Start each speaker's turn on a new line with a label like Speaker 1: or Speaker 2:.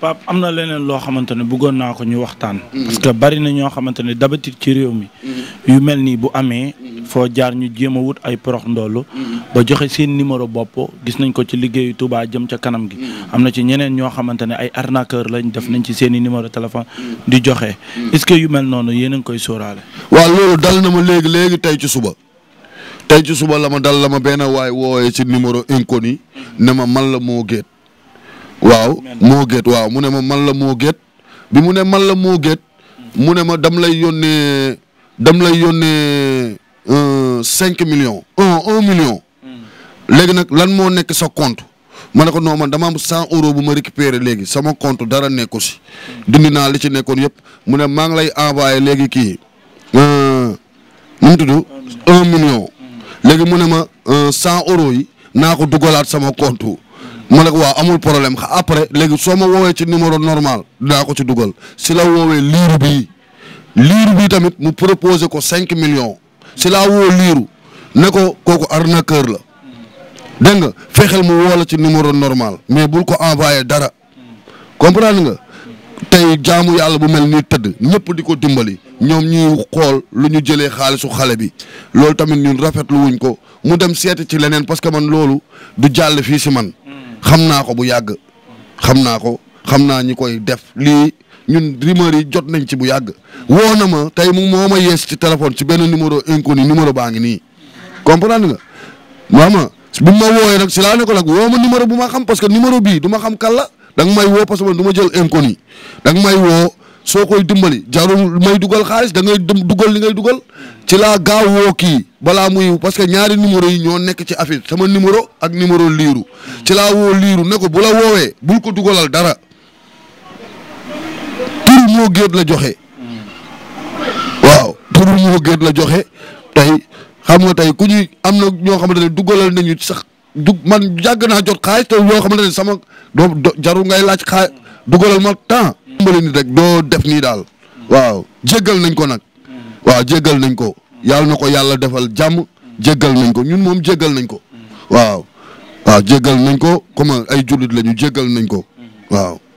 Speaker 1: Pape am na leneen loo xamante ne bëggoon naa ko ñu waxtaan. parce que bari na ñoo xamante ne d'habitude ci réew mi. yu mel nii bu amee. foo jaar ñu jéem a wut ay porox ndoolu ba joxe seen numéro bopp gis nañ ko ci liggéeyu Touba jëm ca kanam gi. am na ci ñeneen ñoo xamante ne ay arnaqueur lañ def nañ ci seen i numéro téléphone. di
Speaker 2: joxe est yu mel noonu yéen a ngi koy sóoraale. waaw loolu dal na ma léegi léegi tey ci suba. tey ci suba la ma dal la ma benn waay woowee ci numéro inconnu ne ma man la moo géet waaw moo géet waaw mu ne ma man la moo géet bi mu ne man la moo géet mu ne ma dam lay yónnee dam lay yónnee euh, cinq millions un un million hmm. léegi nag lan moo nekk sa compte ma ne ko non man dama am cent euros bu ma récupéré léegi sama compte dara nekku si dindi naa li ci nekkoon yëpp mu ne maa ngi lay envoyé léegi kii euh, nu mu un million hmm. léegi mu ne ma euh, cent euros yi naa ko dugalaat sama compte ma ne ko waaw amul problème après léegi soo ma woowee ci numéro normal dinaa ko ci dugal si la woowee liiru bii liiru bii tamit mu proposé ko cinq millions si laa woo liiru ne ko kooku arnaqueur la dégg nga fexeel mu woo ci numéro normal mais bul ko envoyé dara comprendre nga tey jaamu yàlla bu mel ni tëdd ñëpp di ko dimbali ñoom ñuy xool lu ñu jëlee xaalisu xale bi loolu tamit ñun rafetlu wuñ ko mu dem seeti ci leneen parce que man loolu du jàll fii si man xam naa ko bu yàgg xam naa ko xam naa ñi koy def lii ñun rumeur yi jot nañ ci bu yàgg woo na ma tey mu moo ma yees ci téléphone ci benn numéro inconnu numéro baa ngi nii comprendre nga maama bu ma wooyee nag si laa ne ko nag woo ma numéro bu ma xam parce que numéro bii du ma xam kan la da may woo parce que man du ma jël inconnu da may woo soo koy dimbali jarul may dugal xaalis da ngay dugal li ngay dugal ci laa gaaw woo kii balaa muy parce que ñaari numéro yi ñoo nekk ci affiche sama numéro ak numéro liiru ci woo liiru ne ko bu la woowee bul ko dugalal dara tur moo géet la joxe waaw tur moo géet la joxe tey xam nga tey ku ñuy am na ñoo xamante ne dugalal nañu sax du man yàgg naa jot xaalis te yoo xamante sama doo jarul ngay laaj xaa dugalal ma temps mbali ni rek doo def nii daal waaw jéggal nañ ko nag waaw jéggal nañ ko yàlla na ko yàlla defal jàmm jéggal nañ ko ñun moom jéggal nañ ko waaw waaw jéggal nañ ko comme ay jullit lañu jéggal nañ ko waaw